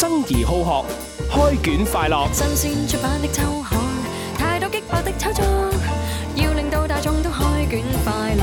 生而好學，開卷快樂。的激的要令到大眾都開卷快樂。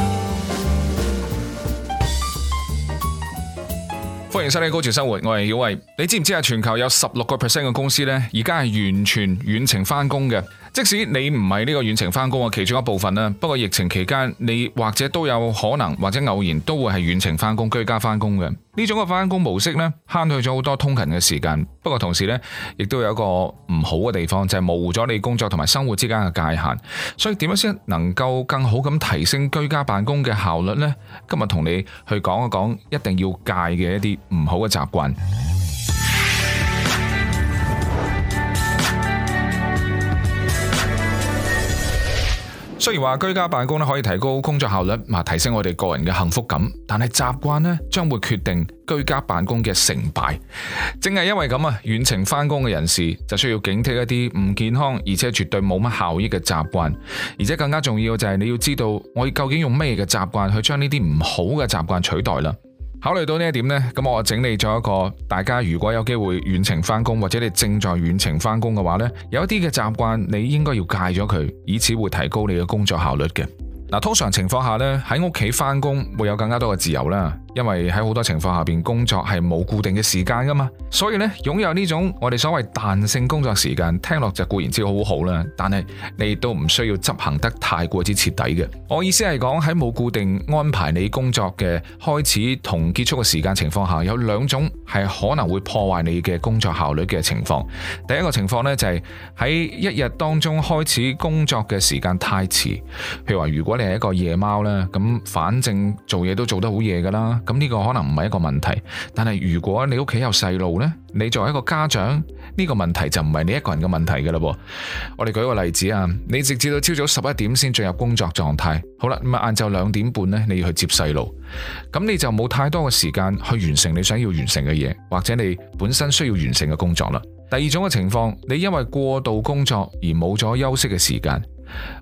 歡迎收睇《高潮生活》，我係曉慧。你知唔知啊？全球有十六個 percent 嘅公司呢，而家係完全遠程翻工嘅。即使你唔係呢個遠程翻工嘅其中一部分啦。不過疫情期間，你或者都有可能，或者偶然都會係遠程翻工、居家翻工嘅。呢種嘅翻工模式呢，慳去咗好多通勤嘅時間。不過同時呢，亦都有一個唔好嘅地方，就係模糊咗你工作同埋生活之間嘅界限。所以點樣先能夠更好咁提升居家辦公嘅效率呢？今日同你去講一講，一定要戒嘅一啲唔好嘅習慣。雖然話居家辦公呢，可以提高工作效率，嘛，提升我哋個人嘅幸福感，但係習慣呢，將會決定居家辦公嘅成敗。正係因為咁啊，遠程翻工嘅人士就需要警惕一啲唔健康，而且絕對冇乜效益嘅習慣。而且更加重要嘅就係你要知道，我究竟用咩嘅習慣去將呢啲唔好嘅習慣取代啦。考慮到呢一點呢，咁我整理咗一個，大家如果有機會遠程翻工，或者你正在遠程翻工嘅話呢，有一啲嘅習慣，你應該要戒咗佢，以此會提高你嘅工作效率嘅。嗱，通常情況下呢，喺屋企翻工會有更加多嘅自由啦。因為喺好多情況下邊工作係冇固定嘅時間噶嘛，所以呢，擁有呢種我哋所謂彈性工作時間，聽落就固然之好好啦。但係你亦都唔需要執行得太過之徹底嘅。我意思係講喺冇固定安排你工作嘅開始同結束嘅時間情況下，有兩種係可能會破壞你嘅工作效率嘅情況。第一個情況呢，就係喺一日當中開始工作嘅時間太遲，譬如話如果你係一個夜貓咧，咁反正做嘢都做得好夜噶啦。咁呢個可能唔係一個問題，但係如果你屋企有細路呢，你作為一個家長，呢個問題就唔係你一個人嘅問題嘅嘞。我哋舉個例子啊，你直至到朝早十一點先進入工作狀態，好啦，咁啊晏晝兩點半呢，你要去接細路，咁你就冇太多嘅時間去完成你想要完成嘅嘢，或者你本身需要完成嘅工作啦。第二種嘅情況，你因為過度工作而冇咗休息嘅時間。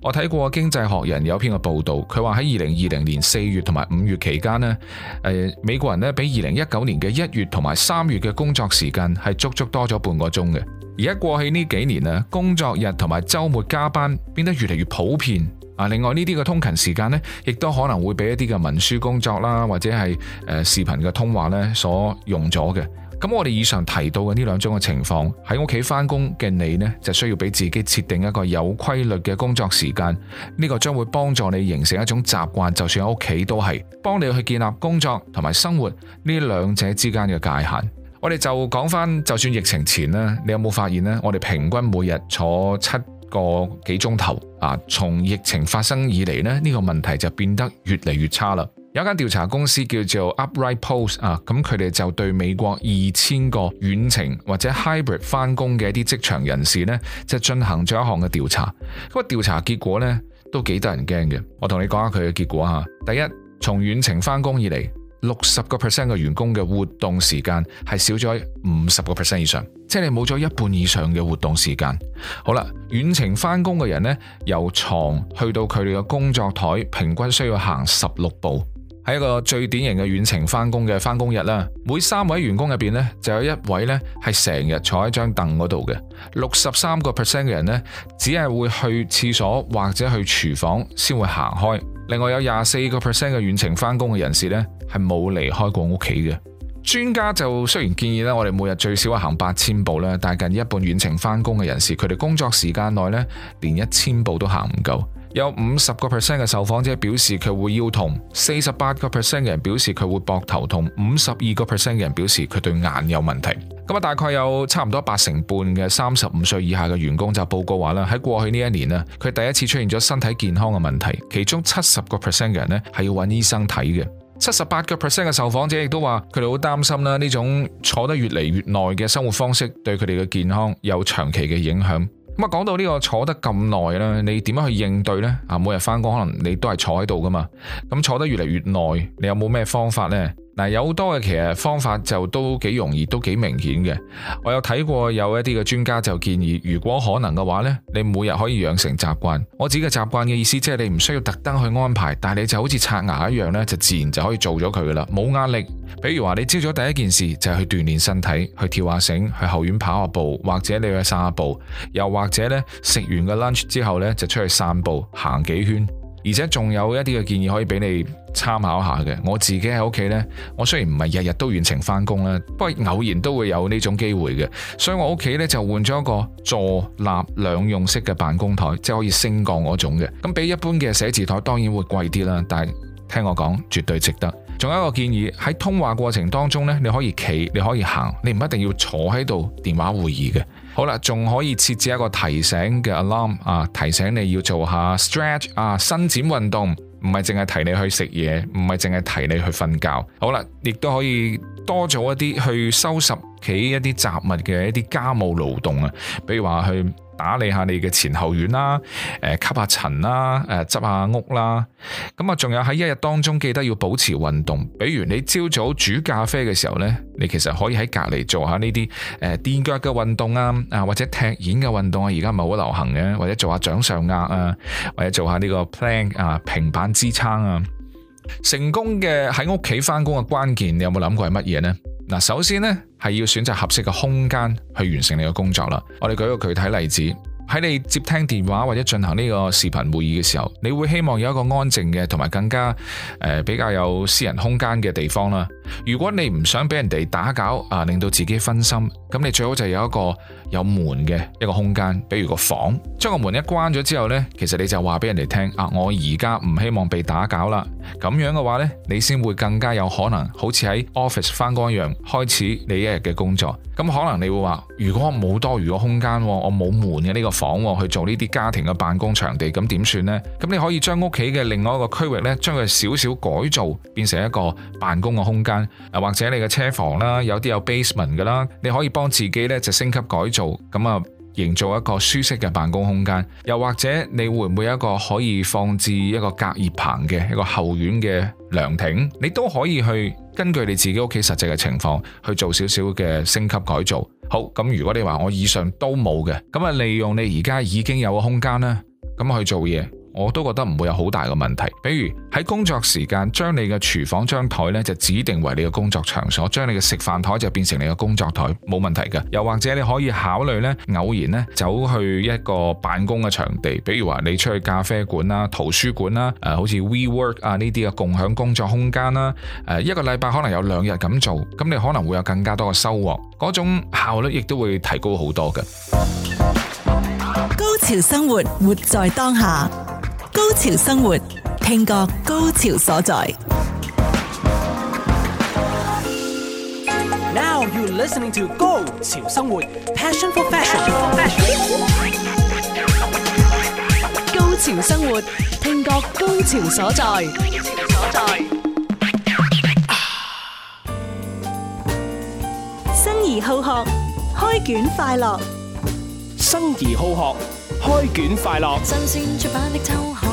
我睇過《經濟學人》有篇嘅報道，佢話喺二零二零年四月同埋五月期間呢，誒、呃，美國人呢比二零一九年嘅一月同埋三月嘅工作時間係足足多咗半個鐘嘅。而家過去呢幾年啊，工作日同埋周末加班變得越嚟越普遍。啊，另外呢啲嘅通勤時間呢，亦都可能會俾一啲嘅文書工作啦，或者係誒、呃、視頻嘅通話呢所用咗嘅。咁我哋以上提到嘅呢兩種嘅情況，喺屋企返工嘅你呢，就需要俾自己設定一個有規律嘅工作時間，呢個將會幫助你形成一種習慣，就算喺屋企都係，幫你去建立工作同埋生活呢兩者之間嘅界限。我哋就講返，就算疫情前呢，你有冇發現呢？我哋平均每日坐七個幾鐘頭啊！從疫情發生以嚟呢，呢個問題就變得越嚟越差啦。有間調查公司叫做 Upright Post 啊，咁佢哋就對美國二千個遠程或者 hybrid 翻工嘅一啲職場人士咧，即係進行咗一項嘅調查。咁啊，調查結果咧都幾得人驚嘅。我同你講下佢嘅結果吓。第一，從遠程翻工以嚟，六十個 percent 嘅員工嘅活動時間係少咗五十個 percent 以上，即係你冇咗一半以上嘅活動時間。好啦，遠程翻工嘅人咧，由床去到佢哋嘅工作台，平均需要行十六步。喺一個最典型嘅遠程翻工嘅翻工日啦，每三位員工入邊呢，就有一位呢係成日坐喺張凳嗰度嘅，六十三個 percent 嘅人呢，只係會去廁所或者去廚房先會行開，另外有廿四個 percent 嘅遠程翻工嘅人士呢，係冇離開過屋企嘅。專家就雖然建議呢，我哋每日最少行八千步啦，但係近一半遠程翻工嘅人士，佢哋工作時間內呢，連一千步都行唔夠。有五十個 percent 嘅受訪者表示佢會腰痛，四十八個 percent 嘅人表示佢會膊頭痛，五十二個 percent 嘅人表示佢對眼有問題。咁啊，大概有差唔多八成半嘅三十五歲以下嘅員工就報告話啦，喺過去呢一年啊，佢第一次出現咗身體健康嘅問題。其中七十個 percent 嘅人咧係要揾醫生睇嘅，七十八個 percent 嘅受訪者亦都話佢哋好擔心啦，呢種坐得越嚟越耐嘅生活方式對佢哋嘅健康有長期嘅影響。咁講到呢個坐得咁耐啦，你點樣去應對呢？啊，每日返工可能你都係坐喺度噶嘛，咁坐得越嚟越耐，你有冇咩方法呢？嗱，有好多嘅，其實方法就都幾容易，都幾明顯嘅。我有睇過有一啲嘅專家就建議，如果可能嘅話咧，你每日可以養成習慣。我自己嘅習慣嘅意思，即係你唔需要特登去安排，但係你就好似刷牙一樣咧，就自然就可以做咗佢噶啦，冇壓力。比如話你朝早第一件事就係去鍛煉身體，去跳下繩，去後院跑下步，或者你去散下步，又或者呢，食完個 lunch 之後呢，就出去散步行幾圈，而且仲有一啲嘅建議可以俾你參考下嘅。我自己喺屋企呢，我雖然唔係日日都完成翻工啦，不過偶然都會有呢種機會嘅，所以我屋企呢，就換咗一個坐立兩用式嘅辦公台，即係可以升降嗰種嘅。咁比一般嘅寫字台當然會貴啲啦，但係聽我講絕對值得。仲有一個建議，喺通話過程當中咧，你可以企，你可以行，你唔一定要坐喺度電話會議嘅。好啦，仲可以設置一個提醒嘅 alarm 啊，提醒你要做下 stretch 啊，伸展運動，唔係淨係提你去食嘢，唔係淨係提你去瞓覺。好啦，亦都可以多做一啲去收拾屋企一啲雜物嘅一啲家務勞動啊，比如話去。打理下你嘅前後院啦，誒吸下塵啦，誒執下屋啦。咁啊，仲有喺一日當中記得要保持運動，比如你朝早煮咖啡嘅時候呢，你其實可以喺隔離做下呢啲誒墊腳嘅運動啊，啊或者踢毽嘅運動啊，而家咪好流行嘅，或者做下掌上壓啊，或者做下呢個 plan 啊，平板支撐啊。成功嘅喺屋企返工嘅關鍵，你有冇諗過係乜嘢呢？嗱，首先呢係要選擇合適嘅空間去完成你嘅工作啦。我哋舉個具體例子，喺你接聽電話或者進行呢個視頻會議嘅時候，你會希望有一個安靜嘅同埋更加、呃、比較有私人空間嘅地方啦。如果你唔想俾人哋打攪啊，令到自己分心，咁你最好就有一個有門嘅一個空間，比如個房，將個門一關咗之後呢，其實你就話俾人哋聽啊，我而家唔希望被打攪啦。咁樣嘅話呢，你先會更加有可能好似喺 office 翻工一樣，開始你一日嘅工作。咁可能你會話，如果我冇多餘嘅空間，我冇門嘅呢個房去做呢啲家庭嘅辦公場地，咁點算呢？咁你可以將屋企嘅另外一個區域呢，將佢少少改造，變成一個辦公嘅空間。或者你嘅車房啦，有啲有 basement 嘅啦，你可以幫自己呢，就升級改造，咁啊營造一個舒適嘅辦公空間。又或者你會唔會一個可以放置一個隔熱棚嘅一個後院嘅涼亭？你都可以去根據你自己屋企實際嘅情況去做少少嘅升級改造。好，咁如果你話我以上都冇嘅，咁啊利用你而家已經有嘅空間啦，咁去做嘢。我都覺得唔會有好大嘅問題。比如喺工作時間，將你嘅廚房張台咧就指定為你嘅工作場所，將你嘅食飯台就變成你嘅工作台，冇問題嘅。又或者你可以考慮咧，偶然咧走去一個辦公嘅場地，比如話你出去咖啡館啦、圖書館啦，誒、啊、好似 WeWork 啊呢啲嘅共享工作空間啦，誒、啊、一個禮拜可能有兩日咁做，咁你可能會有更加多嘅收穫，嗰種效率亦都會提高好多嘅。高潮生活，活在當下。高潮生活，聽覺高潮所在。Now you're listening to 高潮生活，passion for fashion。高潮生活，聽覺高潮所在。高潮所在。生而好學，開卷快樂。生而好學，開卷快樂。新鮮出版的周刊。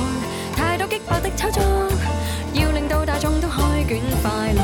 要令到大眾都開卷快樂。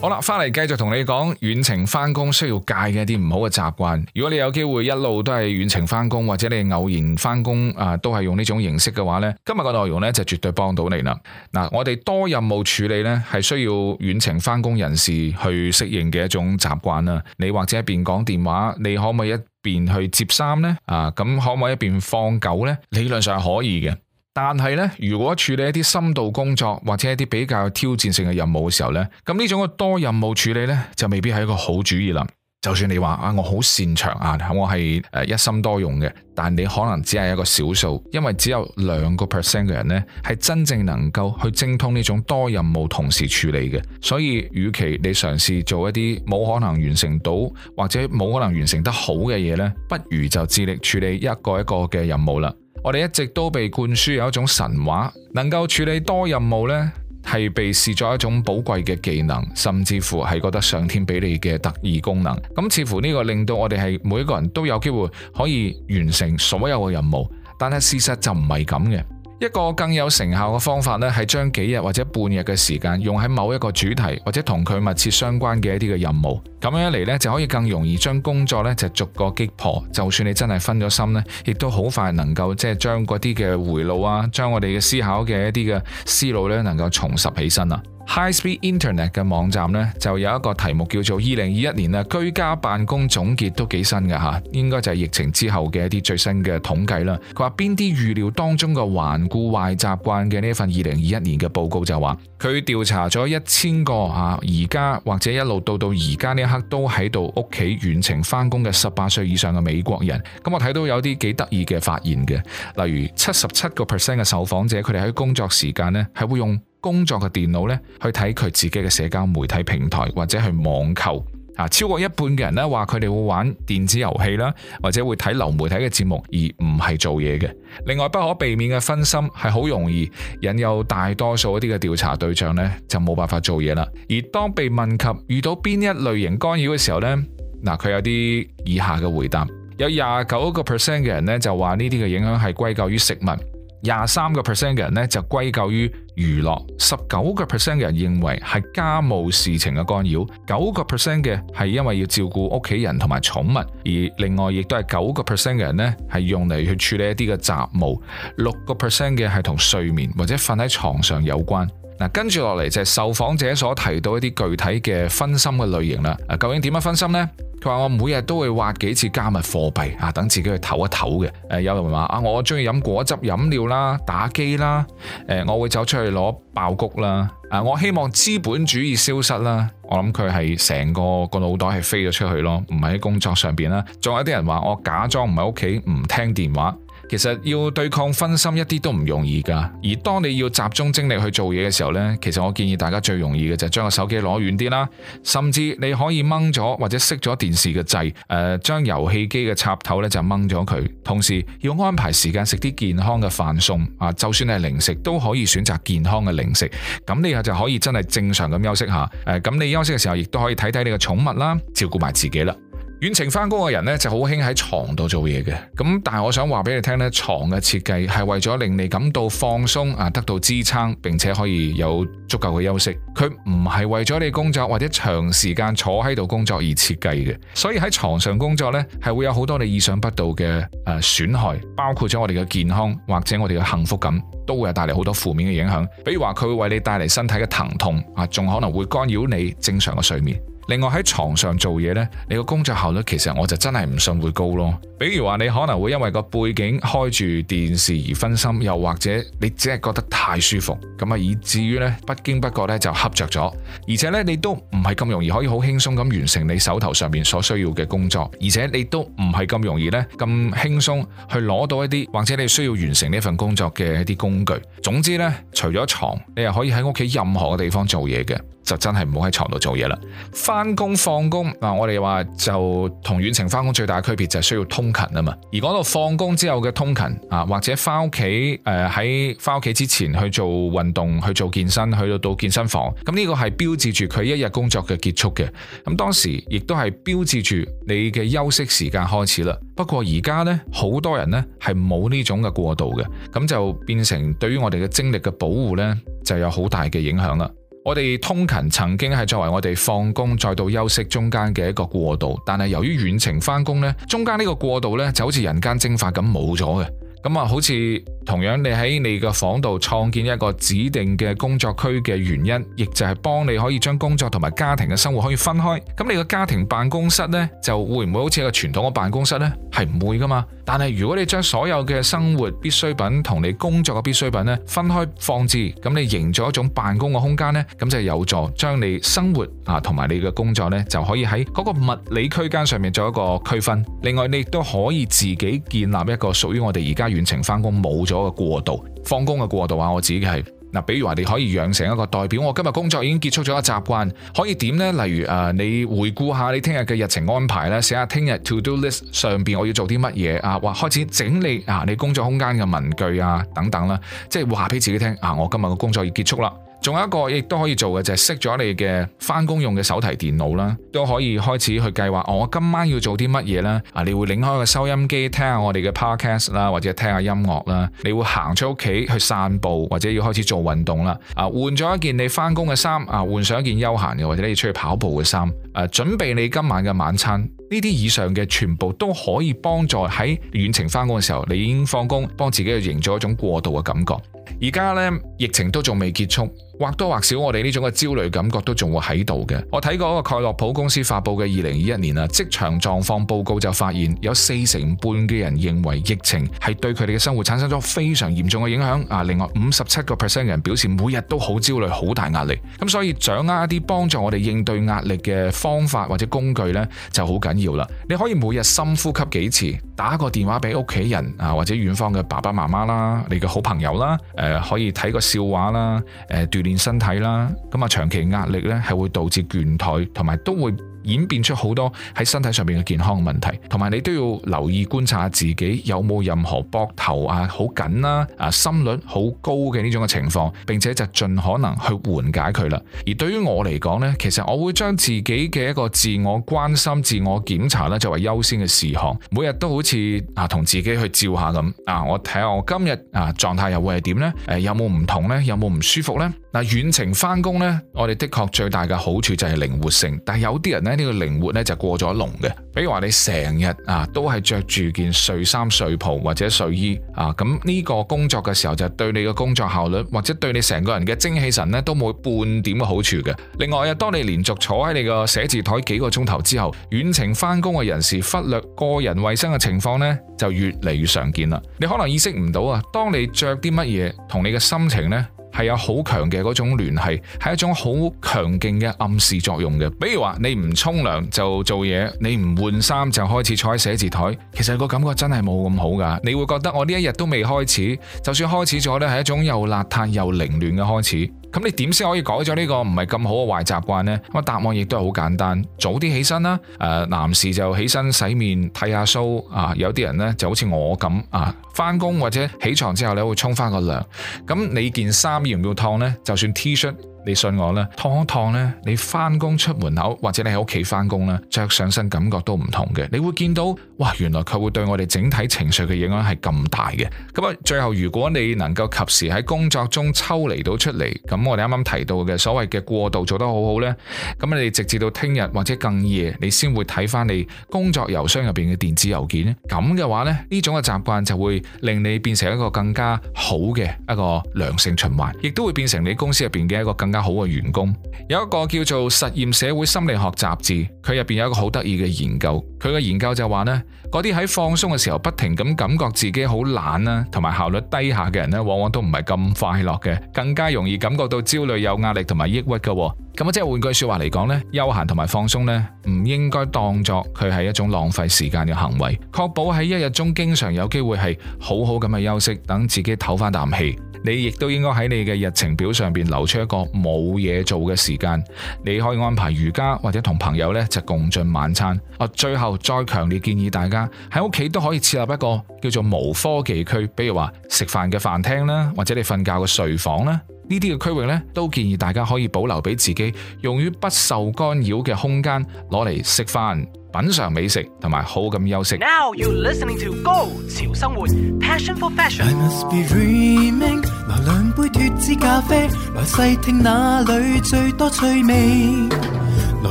好啦，翻嚟繼續同你講遠程翻工需要戒嘅一啲唔好嘅習慣。如果你有機會一路都係遠程翻工，或者你偶然翻工啊，都係用呢種形式嘅話呢，今日嘅內容呢就絕對幫到你啦。嗱，我哋多任務處理呢係需要遠程翻工人士去適應嘅一種習慣啦。你或者一邊講電話，你可唔可以一邊去接衫呢？啊，咁可唔可以一邊放狗呢？理論上係可以嘅，但係呢，如果處理一啲深度工作或者一啲比較挑戰性嘅任務嘅時候呢，咁呢種嘅多任務處理呢，就未必係一個好主意啦。就算你話啊，我好擅長啊，我係誒一心多用嘅，但你可能只係一個少數，因為只有兩個 percent 嘅人呢係真正能夠去精通呢種多任務同時處理嘅。所以，與其你嘗試做一啲冇可能完成到或者冇可能完成得好嘅嘢呢，不如就致力處理一個一個嘅任務啦。我哋一直都被灌輸有一種神話，能夠處理多任務呢。係被視作一種寶貴嘅技能，甚至乎係覺得上天俾你嘅特異功能。咁似乎呢個令到我哋係每一個人都有機會可以完成所有嘅任務，但係事實就唔係咁嘅。一個更有成效嘅方法呢，係將幾日或者半日嘅時間用喺某一個主題或者同佢密切相關嘅一啲嘅任務，咁樣一嚟呢，就可以更容易將工作呢就逐個擊破。就算你真係分咗心呢，亦都好快能夠即係將嗰啲嘅回路啊，將我哋嘅思考嘅一啲嘅思路呢，能夠重拾起身啊！High Speed Internet 嘅網站呢，就有一個題目叫做《二零二一年啊居家辦公總結》，都幾新嘅嚇，應該就係疫情之後嘅一啲最新嘅統計啦。佢話邊啲預料當中嘅頑固壞習慣嘅呢份二零二一年嘅報告就話，佢調查咗一千個啊而家或者一路到到而家呢一刻都喺度屋企遠程返工嘅十八歲以上嘅美國人。咁我睇到有啲幾得意嘅發現嘅，例如七十七個 percent 嘅受訪者佢哋喺工作時間呢係會用。工作嘅電腦咧，去睇佢自己嘅社交媒體平台或者去網購，啊，超過一半嘅人咧話佢哋會玩電子遊戲啦，或者會睇流媒體嘅節目而唔係做嘢嘅。另外不可避免嘅分心係好容易引誘大多數一啲嘅調查對象呢就冇辦法做嘢啦。而當被問及遇到邊一類型干擾嘅時候呢，嗱，佢有啲以下嘅回答，有廿九個 percent 嘅人呢，就話呢啲嘅影響係歸咎於食物。廿三個 percent 嘅人咧就歸咎於娛樂，十九個 percent 嘅人認為係家務事情嘅干擾，九個 percent 嘅係因為要照顧屋企人同埋寵物，而另外亦都係九個 percent 嘅人咧係用嚟去處理一啲嘅雜務，六個 percent 嘅係同睡眠或者瞓喺床上有關。嗱，跟住落嚟就係受訪者所提到一啲具體嘅分心嘅類型啦。啊，究竟點樣分心呢？佢話我每日都會挖幾次加密貨幣啊，等自己去唞一唞嘅。誒有人話啊，我中意飲果汁飲料啦，打機啦。誒，我會走出去攞爆谷啦。啊，我希望資本主義消失啦。我諗佢係成個個腦袋係飛咗出去咯，唔係喺工作上邊啦。仲有啲人話我假裝唔喺屋企，唔聽電話。其實要對抗分心一啲都唔容易噶，而當你要集中精力去做嘢嘅時候呢，其實我建議大家最容易嘅就係將個手機攞遠啲啦，甚至你可以掹咗或者熄咗電視嘅掣，誒，將遊戲機嘅插頭呢就掹咗佢，同時要安排時間食啲健康嘅飯餸，啊，就算係零食都可以選擇健康嘅零食，咁你就可以真係正常咁休息下，誒，咁你休息嘅時候亦都可以睇睇你嘅寵物啦，照顧埋自己啦。遠程翻工嘅人呢，就好興喺床度做嘢嘅，咁但係我想話俾你聽呢，床嘅設計係為咗令你感到放鬆啊，得到支撐，並且可以有足夠嘅休息。佢唔係為咗你工作或者長時間坐喺度工作而設計嘅，所以喺床上工作呢，係會有好多你意想不到嘅誒損害，包括咗我哋嘅健康或者我哋嘅幸福感都會有帶嚟好多負面嘅影響。比如話佢會為你帶嚟身體嘅疼痛啊，仲可能會干擾你正常嘅睡眠。另外喺床上做嘢呢，你個工作效率其實我就真係唔信會高咯。比如話你可能會因為個背景開住電視而分心，又或者你只係覺得太舒服，咁啊以至於呢，不經不覺呢就瞌着咗。而且呢，你都唔係咁容易可以好輕鬆咁完成你手頭上面所需要嘅工作，而且你都唔係咁容易呢咁輕鬆去攞到一啲或者你需要完成呢份工作嘅一啲工具。總之呢，除咗床，你係可以喺屋企任何嘅地方做嘢嘅。就真係唔好喺床度做嘢啦。翻工放工嗱，我哋話就同遠程翻工最大嘅區別就係需要通勤啊嘛。而講到放工之後嘅通勤啊，或者翻屋企誒，喺翻屋企之前去做運動、去做健身，去到到健身房，咁呢個係標誌住佢一日工作嘅結束嘅。咁當時亦都係標誌住你嘅休息時間開始啦。不過而家呢，好多人呢係冇呢種嘅過渡嘅，咁就變成對於我哋嘅精力嘅保護呢就有好大嘅影響啦。我哋通勤曾經係作為我哋放工再到休息中間嘅一個過渡，但係由於遠程翻工呢，中間呢個過渡呢就好似人間蒸發咁冇咗嘅。咁啊，好似同樣你喺你嘅房度創建一個指定嘅工作區嘅原因，亦就係幫你可以將工作同埋家庭嘅生活可以分開。咁你個家庭辦公室呢，就會唔會好似一個傳統嘅辦公室呢？係唔會㗎嘛？但係如果你將所有嘅生活必需品同你工作嘅必需品呢分開放置，咁你營造一種辦公嘅空間呢，咁就有助將你生活啊同埋你嘅工作呢就可以喺嗰個物理區間上面做一個區分。另外，你亦都可以自己建立一個屬於我哋而家遠程翻工冇咗嘅過渡，放工嘅過渡啊，我自己係。嗱，比如話你可以養成一個代表我今日工作已經結束咗一習慣，可以點呢？例如誒、呃，你回顧下你聽日嘅日程安排咧，寫下聽日 to do list 上邊我要做啲乜嘢啊？或開始整理啊你工作空間嘅文具啊等等啦、啊，即係話俾自己聽啊，我今日嘅工作要結束啦。仲有一個，亦都可以做嘅就係熄咗你嘅翻工用嘅手提電腦啦，都可以開始去計劃、啊、我今晚要做啲乜嘢啦。啊，你會擰開個收音機聽下我哋嘅 podcast 啦，或者聽下音樂啦。你會行出屋企去散步，或者要開始做運動啦。啊，換咗一件你翻工嘅衫啊，換上一件休閒嘅，或者你出去跑步嘅衫。誒、啊，準備你今晚嘅晚餐。呢啲以上嘅全部都可以幫助喺遠程翻工嘅時候，你已經放工，幫自己去營造一種過渡嘅感覺。而家呢，疫情都仲未結束。或多或少，我哋呢種嘅焦慮感覺都仲會喺度嘅。我睇過一個蓋洛普公司發佈嘅二零二一年啊職場狀況報告就發現，有四成半嘅人認為疫情係對佢哋嘅生活產生咗非常嚴重嘅影響。啊，另外五十七個 percent 人表示每日都好焦慮、好大壓力。咁所以掌握一啲幫助我哋應對壓力嘅方法或者工具咧就好緊要啦。你可以每日深呼吸幾次，打個電話俾屋企人啊，或者遠方嘅爸爸媽媽啦，你嘅好朋友啦，誒、呃、可以睇個笑話啦，誒、呃、鍛煉。身體啦，咁啊長期壓力咧係會導致倦怠，同埋都會。演變出好多喺身體上面嘅健康問題，同埋你都要留意觀察下自己有冇任何膊頭啊好緊啦，緊啊心率好高嘅呢種嘅情況，並且就盡可能去緩解佢啦。而對於我嚟講呢，其實我會將自己嘅一個自我關心、自我檢查咧作為優先嘅事項，每日都好似啊同自己去照下咁啊，我睇下我今日啊狀態又會係點呢？誒、啊、有冇唔同呢？有冇唔舒服呢？嗱，遠程翻工呢，我哋的確最大嘅好處就係靈活性，但係有啲人咧。呢個靈活咧就過咗籠嘅，比如話你成日啊都係着住件睡衫、睡袍或者睡衣啊，咁、這、呢個工作嘅時候就對你嘅工作效率或者對你成個人嘅精氣神呢，都冇半點嘅好處嘅。另外啊，當你連續坐喺你個寫字台幾個鐘頭之後，遠程翻工嘅人士忽略個人衛生嘅情況呢，就越嚟越常見啦。你可能意識唔到啊，當你着啲乜嘢同你嘅心情呢，係有好強嘅嗰種聯繫，係一種好強勁嘅暗示作用嘅。比如話，你唔沖涼就做嘢，你唔換衫就開始坐喺寫字台，其實個感覺真係冇咁好㗎。你會覺得我呢一日都未開始，就算開始咗呢，係一種又邋遢又凌亂嘅開始。咁你點先可以改咗呢個唔係咁好嘅壞習慣呢？咁啊答案亦都係好簡單，早啲起身啦。誒、呃，男士就起身洗面、剃下鬚啊。有啲人咧就好似我咁啊，翻、呃、工或者起床之後咧會沖翻個涼。咁、嗯、你件衫要唔要燙咧？就算 T 恤。Shirt，你信我啦，燙一燙咧，你返工出門口或者你喺屋企返工啦，着上身感覺都唔同嘅。你會見到哇，原來佢會對我哋整體情緒嘅影響係咁大嘅。咁啊，最後如果你能夠及時喺工作中抽離到出嚟，咁我哋啱啱提到嘅所謂嘅過度做得好好呢。咁你直至到聽日或者更夜，你先會睇返你工作郵箱入邊嘅電子郵件咧。咁嘅話呢，呢種嘅習慣就會令你變成一個更加好嘅一個良性循環，亦都會變成你公司入邊嘅一個更。更加好嘅員工，有一個叫做《實驗社會心理學雜誌》雜誌，佢入邊有一個好得意嘅研究，佢嘅研究就話呢，嗰啲喺放鬆嘅時候不停咁感覺自己好懶啊，同埋效率低下嘅人呢，往往都唔係咁快樂嘅，更加容易感覺到焦慮、有壓力同埋抑鬱噶。咁即係換句說話嚟講，呢，休閒同埋放鬆呢，唔應該當作佢係一種浪費時間嘅行為。確保喺一日中經常有機會係好好咁去休息，等自己唞翻啖氣。你亦都應該喺你嘅日程表上邊留出一個冇嘢做嘅時間。你可以安排瑜伽，或者同朋友呢就共進晚餐。啊，最後再強烈建議大家喺屋企都可以設立一個叫做無科技區，比如話食飯嘅飯廳啦，或者你瞓覺嘅睡房啦。呢啲嘅區域呢，都建議大家可以保留俾自己用於不受干擾嘅空間，攞嚟食飯、品嚐美食同埋好好咁休息。Now you listening to 高潮生活，passion for fashion。I must be dreaming，來兩杯脱脂咖啡，來細聽那裏最多趣味，來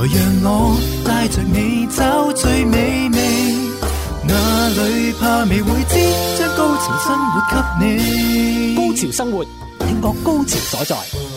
讓我帶着你找最美味，哪裏怕未會知，將高潮生活給你。高潮生活。聽過高潮所在。